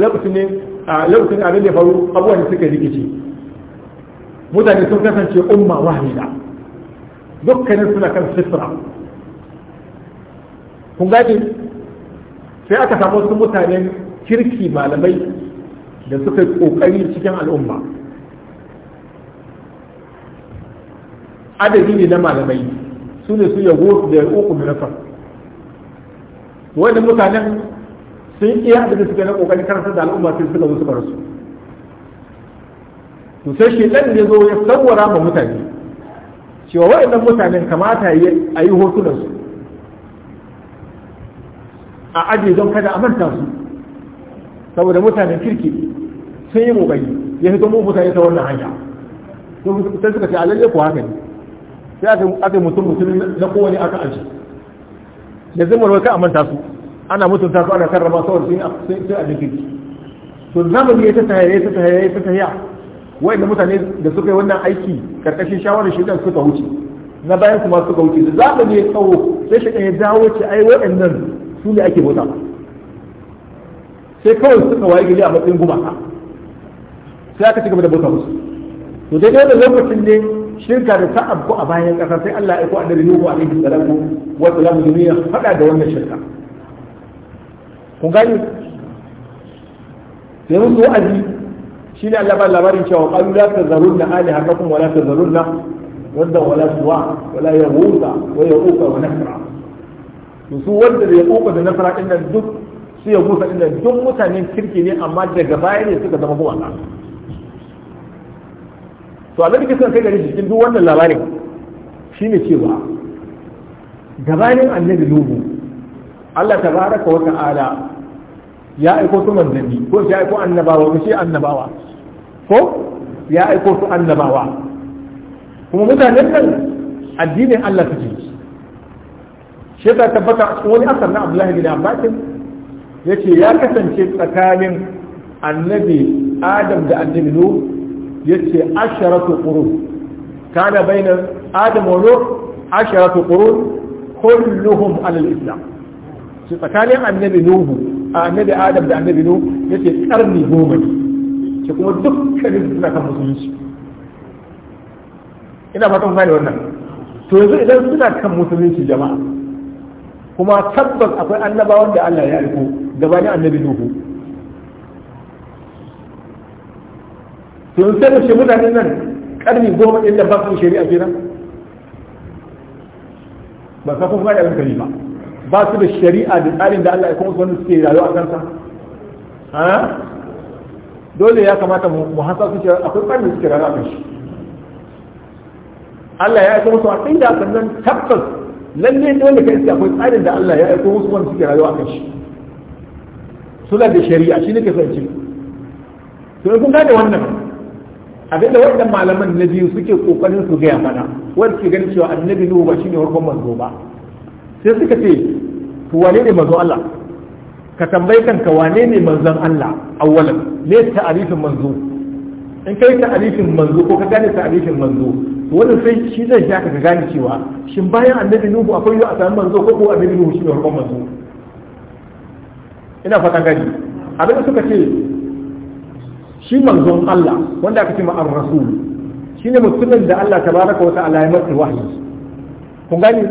Speaker 1: lokacin ne a lokacin abin da faru abuwa da suka rikici mutane sun kasance umma wahida dukkanin suna kan sifira kun gaji sai aka samu wasu mutanen kirki malamai da suka kokari cikin al'umma adadi ne na malamai su ne su yago da uku nasar wannan mutanen sun iya abin da suka na kokarin karantar da al'umma sun suka musu barasu to sai shi ɗan ya zo ya sawara ma mutane cewa waɗannan mutanen kamata ya a yi hotunan su a aji don kada a manta su saboda mutanen kirki sun yi kokari ya fito mu mutane ta wannan hanya sai suka ce a lalle ko haka ne sai aka yi mutum mutum na kowane aka aji da zama ka a manta su ana mutunta su ana karrama saboda sun sai a kirki to zamani ya ta tahiyya ta tahiyya ta tahiyya da mutane da suka yi wannan aiki karkashin shawarar da suka wuce na bayan kuma suka wuce da zamani ya tsawo sai shaitan ya dawo ce ai wa'annan su ne ake bauta sai kawai suka waye gari a matsayin gumaka sai aka cigaba da bauta musu to dai da lokacin ne shirka da ta abu a bayan kasa sai Allah ya aiko annabi Nuhu alaihi salatu wa salam duniya fada da wannan shirka ku gani sai mun wa'azi shi Allah ba labarin cewa qalu la tazarunna alihatakum wa la tazarunna wadda wala suwa wala yahuda wa yaquqa wa nasra su wanda da yaquqa da nasra din nan duk su ya din nan duk mutanen kirki ne amma daga baya ne suka zama kuma su to Allah kike son kai gari cikin duk wannan labarin shine cewa gabanin annabi lubu Allah tabaraka wa ta'ala ya aiko su manzanni ko ya aiko annabawa mu ce annabawa ko ya aiko su annabawa kuma mutanen nan addinin Allah suke shi ta tabbata wani asar na Abdullahi bin Abbas yace ya kasance tsakanin annabi Adam da annabi Nuh yace asharatu qurun kana bainar Adam wa Nuh asharatu qurun kulluhum ala al-islam tsakanin annabi Nuhu annabi adam da annabi nu yace karni goma ne ce kuma dukkanin suna kan musulunci ina fatan fara wannan to yanzu idan suna kan musulunci jama'a kuma tabbas akwai annaba da Allah ya aiko gabanin annabi nuhu to yanzu sai shi mutane nan karni goma inda ba su shari'a kenan ba sa kun fara yankari ba ba su da shari'a da tsarin da Allah ya kuma wani suke rayuwa a kansa dole ya kamata mu hasa su cewa akwai tsarin suke rayuwa a kanshi Allah ya aiko musu a inda sannan tabbas lalle dole kai sai akwai tsarin da Allah ya aiko musu wanda suke rayuwa a kanshi suna da shari'a shi ne ke son ci to kun gane wannan abinda wannan malaman na biyu suke kokarin su gaya mana wanda ke ganin cewa annabi nuhu ba shine farkon manzo ba sai suka ce to wane ne manzon Allah ka tambayi kanka wane ne manzon Allah awwalan ne ta'arifin manzo in kai ta'arifin manzo ko ka gane ta'arifin manzo to wannan sai shi zai sha ka gane cewa shin bayan annabi nuhu akwai yau a samu manzo ko ko annabi nuhu shi ne farkon manzo ina fata gani abin da suka ce shi manzon Allah wanda aka ce ma ar-rasul shine mutumin da Allah tabaraka wa ta'ala ya masa wahyi kun gani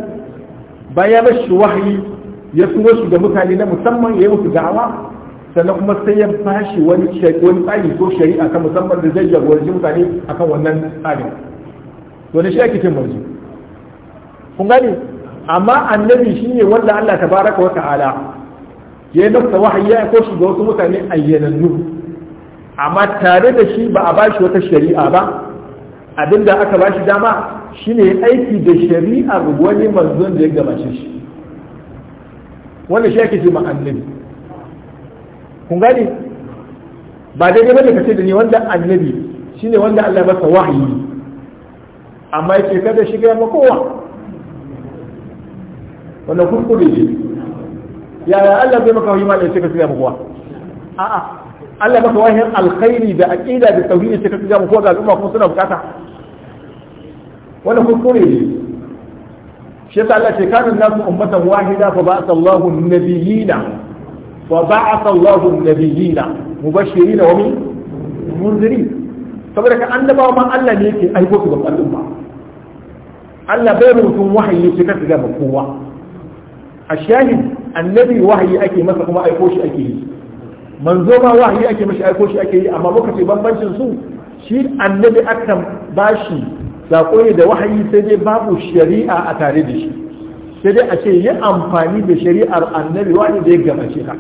Speaker 1: bayan ya mashi wahayi ya turo su ga mutane na musamman ya yi musu da'awa sannan kuma sai ya fashi wani tsari ko shari'a kan musamman da zai jagoranci mutane akan wannan tsarin wani shi ake cin marji kun gani amma annabi shine wanda Allah ta baraka wa ta'ala ya yi masa wahayi ya ko shi ga wasu mutane ayyanannu amma tare da shi ba a bashi wata shari'a ba abinda aka bashi dama shine aiki da shari'ar wani manzon da ya gabace shi wannan shi ake ce ma annabi kun gane ba daidai bane ka ce da ni wanda annabi shine wanda Allah ya masa wahayi amma yake kada shi ga kowa wannan kurkure ne ya yaya Allah zai maka wahayi ma da shi ka ga kowa a'a Allah maka wahayin alkhairi da aqida da tauhidi shi ka ga kowa ga al'umma kuma suna bukata wannan kurkure ne شيخ الله شيخ كان الناس أمة واحدة فبعث الله النبيين فبعث الله النبيين مبشرين ومن منذرين فبرك أن نبا ما ألا نيكي أي بوك بوك الأمة ألا بيرو ثم وحي يسكت لها مفهوة الشاهد النبي وحي أكي مثل كما أي فوش أكي منظومة وحي أكي مش أي فوش أكي أما بوك في بمبنش نسو شير النبي أكتم باشي sako ne da wahayi sai dai babu shari'a a tare da shi sai dai a ce yi amfani da shari'ar annabi wani da ya ce ka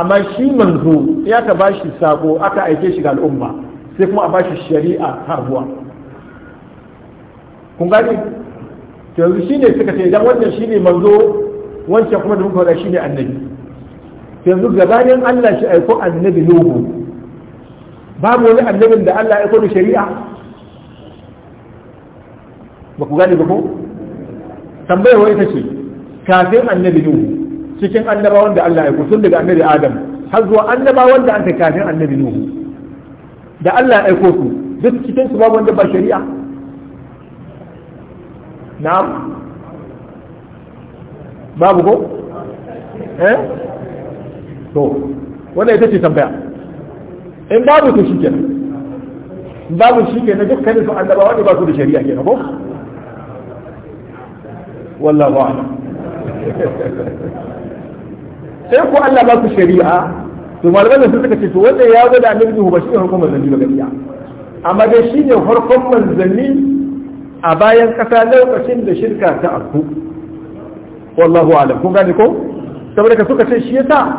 Speaker 1: amma shi manzo ya ka bashi sako aka aike shi ga al'umma sai kuma a bashi shari'a harbuwa kun gani yanzu shi ne suka ce idan wannan shi ne manzo wancan kuma da muka wada shi ne annabi yanzu gabanin Allah shi aiko annabi lobo babu wani annabin da Allah ya aiko da shari'a ba ku gane ba ko tambayar wani ce kafin annabi nuhu cikin annabawan da Allah ya aiko tun daga annabi adam har zuwa annabawan da aka kafin annabi nuhu da Allah ya aiko su duk cikin su babu wanda ba shari'a na'am babu ko eh to wannan ita ce tambaya in babu to kenan babu shikenan dukkanin su annaba wanda ba su da shari'a kenan ko Wallahu a'lam sai ku Allah ba ku shari'a to malaman sun suka ce to wanda ya gwada annabi ba shi ne farkon manzanni ba gaskiya amma dai shi ne farkon manzanni a bayan kasa lokacin da shirka ta afku wallahu alam kun gane ko saboda ka suka ce shi yasa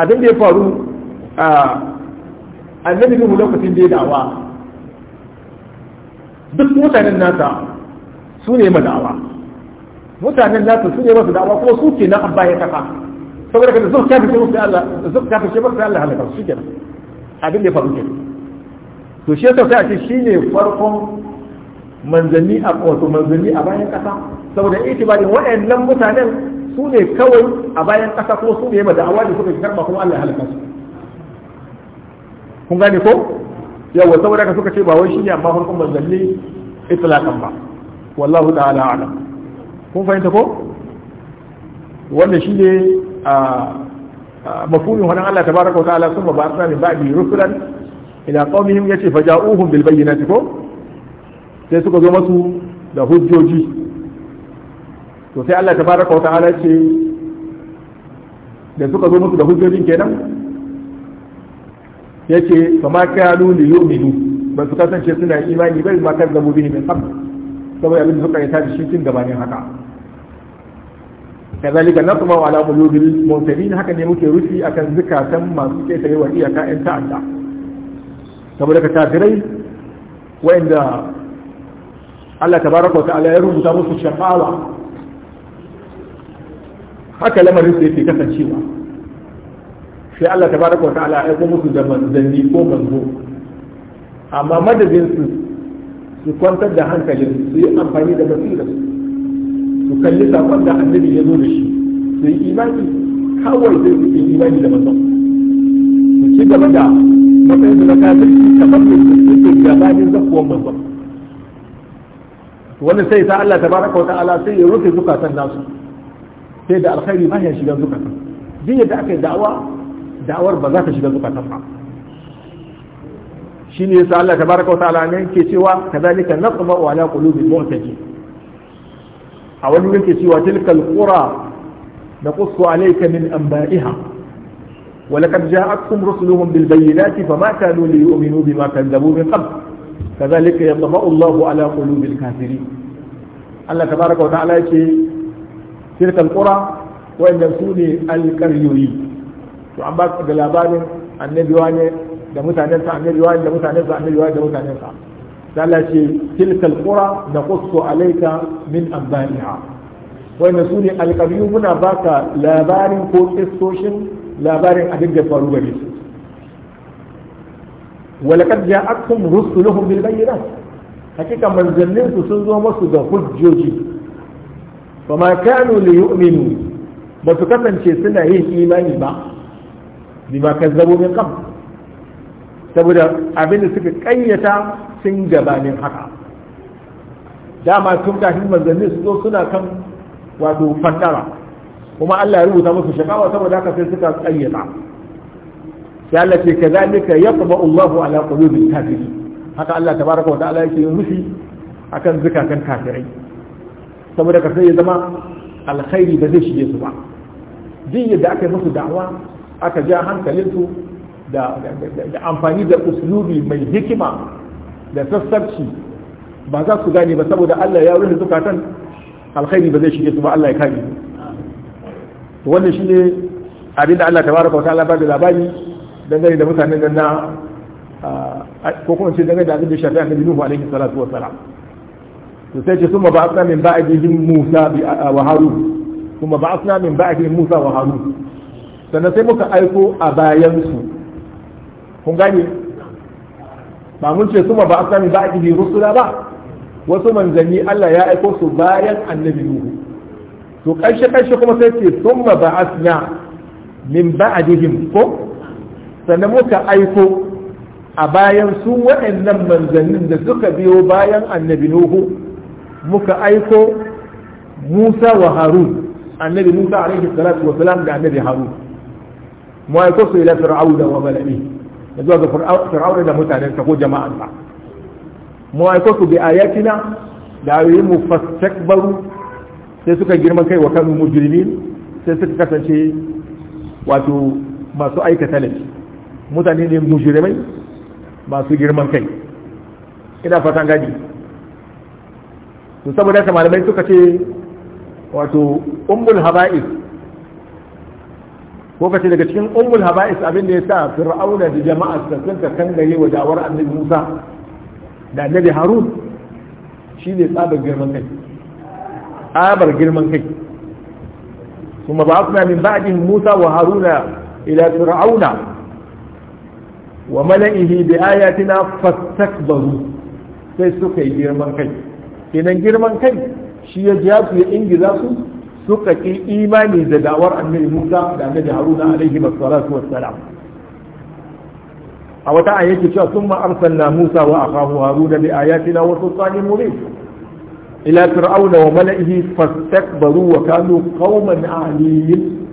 Speaker 1: abin da ya faru a annabi Nuhu lokacin da ya da'awa duk mutanen nasa su ne dawa mutanen nasu su ne masu da'awa kuma su ke na an baya kafa saboda ka zuwa kafin ce musu Allah zuwa kafin ce musu Allah halaka su ke abin da ya faru ke to shi yasa sai a ce shine farkon manzanni a wato manzanni a bayan kasa saboda itibarin wa'annan mutanen su ne kawai a bayan kasa kuma su ne ma da'awa da suka karba kuma Allah halaka su kun gane ko yawa saboda ka suka ce ba wai shi ne amma farkon manzanni itlaqan ba wallahu ta'ala a'lam kun fahimta ko wannan shi ne a mafumin wani Allah raka wata ta'ala sun ba asra rufuran ina rusulan ya ce yace faja'uhum bilbayi na ko sai suka zo masu da hujjoji to sai Allah raka wata ta'ala ce da suka zo masu da hujjojin kenan ya ce fa ma kanu li yu'minu ba su kasance suna imani bai ma kan zabu bihi min qabl saboda abin da suka yi tashi shi cin gabanin haka kazalika nasma ala qulubil mu'tadin haka ne muke rufi akan zukatan masu ketare wa iyaka in ta'adda saboda ka kafirai wa'inda Allah tabaraka wa ta'ala ya rubuta musu shaqawa haka lamarin su yake kasancewa sai Allah tabaraka wa ta'ala ya aiko musu da manzanni ko manzo amma madadin su su da hankalin su yi amfani da basirarsu su kalli sakon da annabi ya zo da shi su yi imani kawai zai su yi imani da manzon su ci gaba da matsayin su na kafirci kamar da suke gabanin zakuwan manzon wannan sai sa Allah ta baraka wa ta'ala sai ya rufe zukatan nasu sai da alkhairi ba ya shiga zukatan jin yadda aka yi da'awa da'awar ba za ta shiga zukatan ba shine yasa Allah tabaraka wa ta'ala ne ke cewa kadhalika naqma ala qulubil mu'taqin a wani yake cewa tilkal qura naqussu alayka min anba'iha wa laqad ja'akum rusuluhum bil bayyinati fama kanu liyu'minu bima kadzabu min qabl kadhalika yatma'u Allahu ala qulubil kafirin Allah tabaraka wa ta'ala yake tilkal qura wa inna suni al qaryoyi to an ba da labarin annabi wane da mutanen sa annabi wane da mutanen sa annabi wane da mutanen sa Allah ce tilkal qura da qussu alayka min anba'iha wanda su ne alƙaryu muna baka labarin ko kistoshin labarin abin da faru gare su walaqad ja'akum rusuluhum bil bayyinat hakika manzannin su sun zo musu da hujjoji fa ma kanu li yu'minu ba su kasance suna yin imani ba bima kazzabu min qabl saboda abin da suka kayyata sun gabanin haka dama tun kafin manzanni su zo suna kan wato fassara kuma Allah ya rubuta musu shakawa saboda haka sai suka kayyata sai Allah ce kazalika yaqba Allahu ala qulubil kafirin haka Allah tabaraka wa ta'ala yake rufi akan zukatan kafirai saboda ka sai ya zama alkhairi ba zai shige su ba din yadda aka yi musu da'awa aka ja hankalinsu da amfani da uslubi mai hikima da sassarci ba za su gane ba saboda Allah ya rufe zukatan alkhairi ba zai shige su ba Allah ya kare to wannan shine abin da Allah tabaraka wa ta'ala ba da labari dangane da mutanen nan na ko kuma ce dangane da abin da shafi annabi Nuhu alaihi salatu wa salam to sai ce kuma ba'athna min ba'dihi Musa wa Harun kuma ba'athna min ba'dihi Musa wa Harun sannan sai muka aiko a bayansu kun gane ba mun ce suma ba asami ba a rusula ba wasu manzanni Allah ya aiko su bayan annabi Nuhu to karshe karshe kuma sai ce summa ba'athna min jihim ko sannan muka aiko a bayan su waɗannan manzannin da suka biyo bayan annabi Nuhu muka aiko Musa wa Harun annabi Musa alaihi salatu wa salam da annabi Harun mu aiko su ila fir'auna wa mala'ihi da zuwa ga fir'auna da mutanensa ko jama'ansa mu aiko su bi ayatina da ayoyin mu fastakbaru sai suka girma kai wa kanu mujrimin sai suka kasance wato masu aikata laifi mutane ne mujrimai masu girman kai ina fatan gani to saboda haka malamai suka ce wato ummul haba'is ko kace daga cikin ummul haba'is abin da ya sa fir'auna da jama'a sun ka kangaye wa dawar annabi Musa da annabi Harun shi ne tsabar girman kai tsabar girman kai kuma ba kuma min ba'din Musa wa Haruna ila fir'auna wa mala'ihi bi ayatina fastakbaru sai suka yi girman kai kenan girman kai shi ya ja su ya ingiza su suka ki imani da da'awar annabi Musa da annabi Haruna alaihi wassalatu wassalam a wata aya yake cewa summa arsalna Musa wa akahu Haruna bi ayatina wa sultanin mubin ila fir'auna wa mala'ihi fastakbaru wa kanu qauman aliyin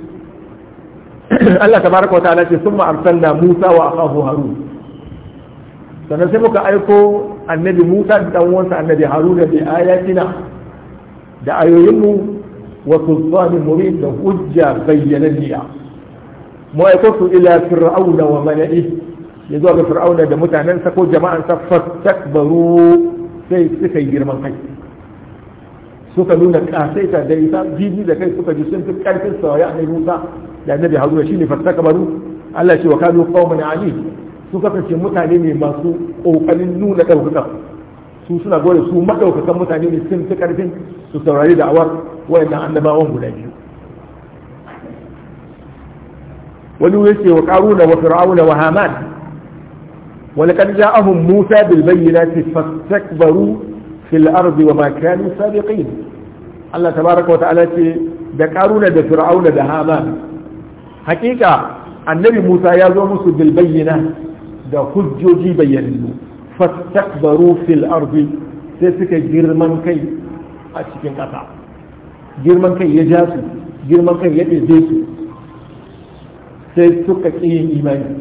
Speaker 1: Allah tabaraka wa ta'ala ce summa arsalna Musa wa akahu Haruna. sannan sai muka aiko annabi Musa da dan uwansa annabi Haruna bi ayatina da ayoyinmu wa sultanin murid da hujja bayyananniya mu aikatu ila fir'auna wa mala'i ya zuwa ga fir'auna da mutanensa ko jama'ansa fastakbaru sai suka girman kai suka nuna kasaita da isa jiji da kai suka ji sun fi karfin sawaya a musa da annabi haruna shine fastakbaru Allah ce wa kanu qauman ali suka kace mutane ne masu kokarin nuna daukaka su suna gore su madaukakan mutane ne sun fi karfin su saurari da'awar wayannan annabawan guda biyu wani wuri ce wa karuna wa fir'auna wa haman musa bil ولقد جاءهم fil بالبينات wa في الأرض وما كانوا سابقين الله تبارك ce da karuna da fir'auna da haman hakika annabi musa ya zo musu bil bilbayyana da hujjoji bayyanannu fastakbaru fil ardi sai suka girman kai a cikin ƙasa girman kai ya ja su girman kai ya ɗaje su sai suka ƙi yin imani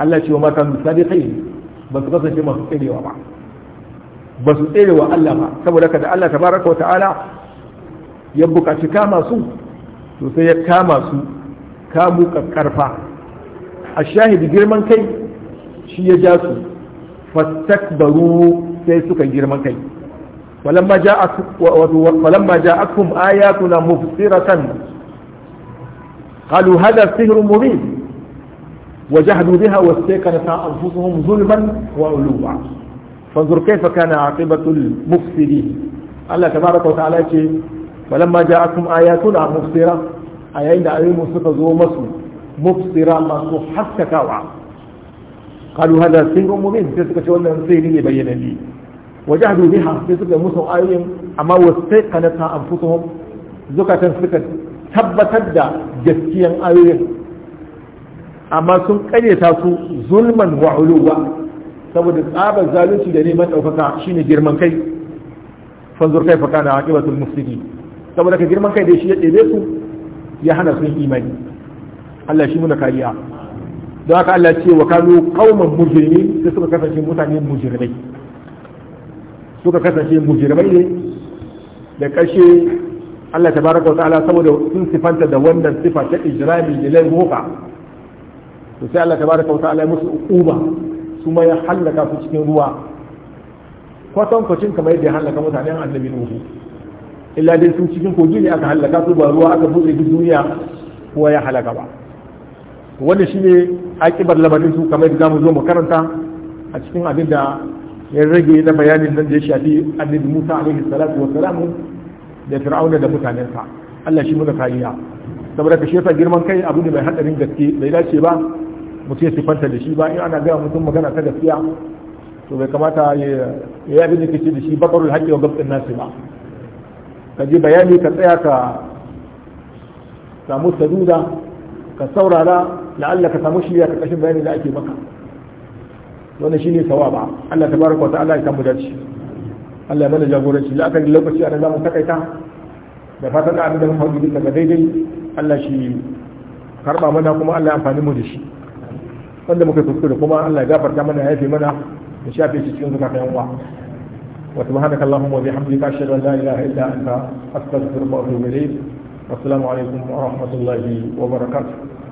Speaker 1: Allah ce wa maka misali kai ba su kasance masu tserewa ba ba su tserewa Allah ba saboda kada da Allah tabaraka wa ta'ala ya buƙaci kama su to sai ya kama su kamu karfa a shahidi girman kai shi ya ja su fastakbaru sai suka girman kai walamma ja'akum ayatuna مبصرة qalu hadha sihrun mubin وجحدوا بها واستيقنتها انفسهم ظلما وعلوا فانظر كيف كان عاقبه المفسدين الله تبارك وتعالى يقول فلما جاءتهم اياتنا مبصره ايين ايين suka zo مبصره mubsira masu haskakawa قالوا هذا سر مبين sai suka ce wannan sirri ne bayyanani wajahdu biha sai suka musu ayoyin amma wastaqanata anfusuhum zukatan suka tabbatar da gaskiyan ayoyin amma sun karyata su zulman wa saboda tsabar zalunci da neman ɗaukaka shine girman kai fanzur kai faka na aqibatul mufsidi ka girman kai da shi ya ɗebe su ya hana su imani Allah shi muna kariya don haka Allah ce wa kanu kauman mujrimin sai suka kasance mutane mujrimai suka kasance mujrimai ne da kashe Allah tabaraka wa ta'ala saboda sun sifanta da wannan sifa ta ijrami da laifuka to sai Allah tabaraka wa ta'ala musu uquba su ma ya halaka su cikin ruwa kwatan kwacin kamar yadda ya halaka an annabi Nuhu illa dai sun cikin kogi ne aka halaka su ba ruwa aka buɗe duniya kowa ya halaka ba wanda shi ne aƙibar lamarin su kamar yadda mu zo mu karanta a cikin abin da ya rage na bayanin nan da ya shafi annin Musa alaihi salatu wassalamu da Fir'auna da mutanensa Allah shi muna kariya saboda ka shefa girman kai abu ne mai haɗarin gaske bai dace ba mutum ya sifanta da shi ba in ana gaya mutum magana ta gaskiya to bai kamata ya yi abin da kake da shi bakarul haƙƙi wa gabsin nasi ba ka je bayani ka tsaya ka samu saduda ka saurara la'alla ka samu shirya karkashin bayanin da ake maka wannan shine sawaba Allah tabaraka wa ta'ala ya samu dace Allah ya mana jagoranci da aka lokaci a nan zamu takaita da fatan da abin da muka hudu daga daidai Allah shi karba mana kuma Allah ya amfani mu da shi wanda muka kuskure kuma Allah ya gafarta mana ya yafe mana da shafe shi cikin zakatan yanwa wa subhanaka allahumma wa bihamdika ashhadu an la ilaha illa anta astaghfiruka wa atubu ilayk والسلام عليكم ورحمة الله وبركاته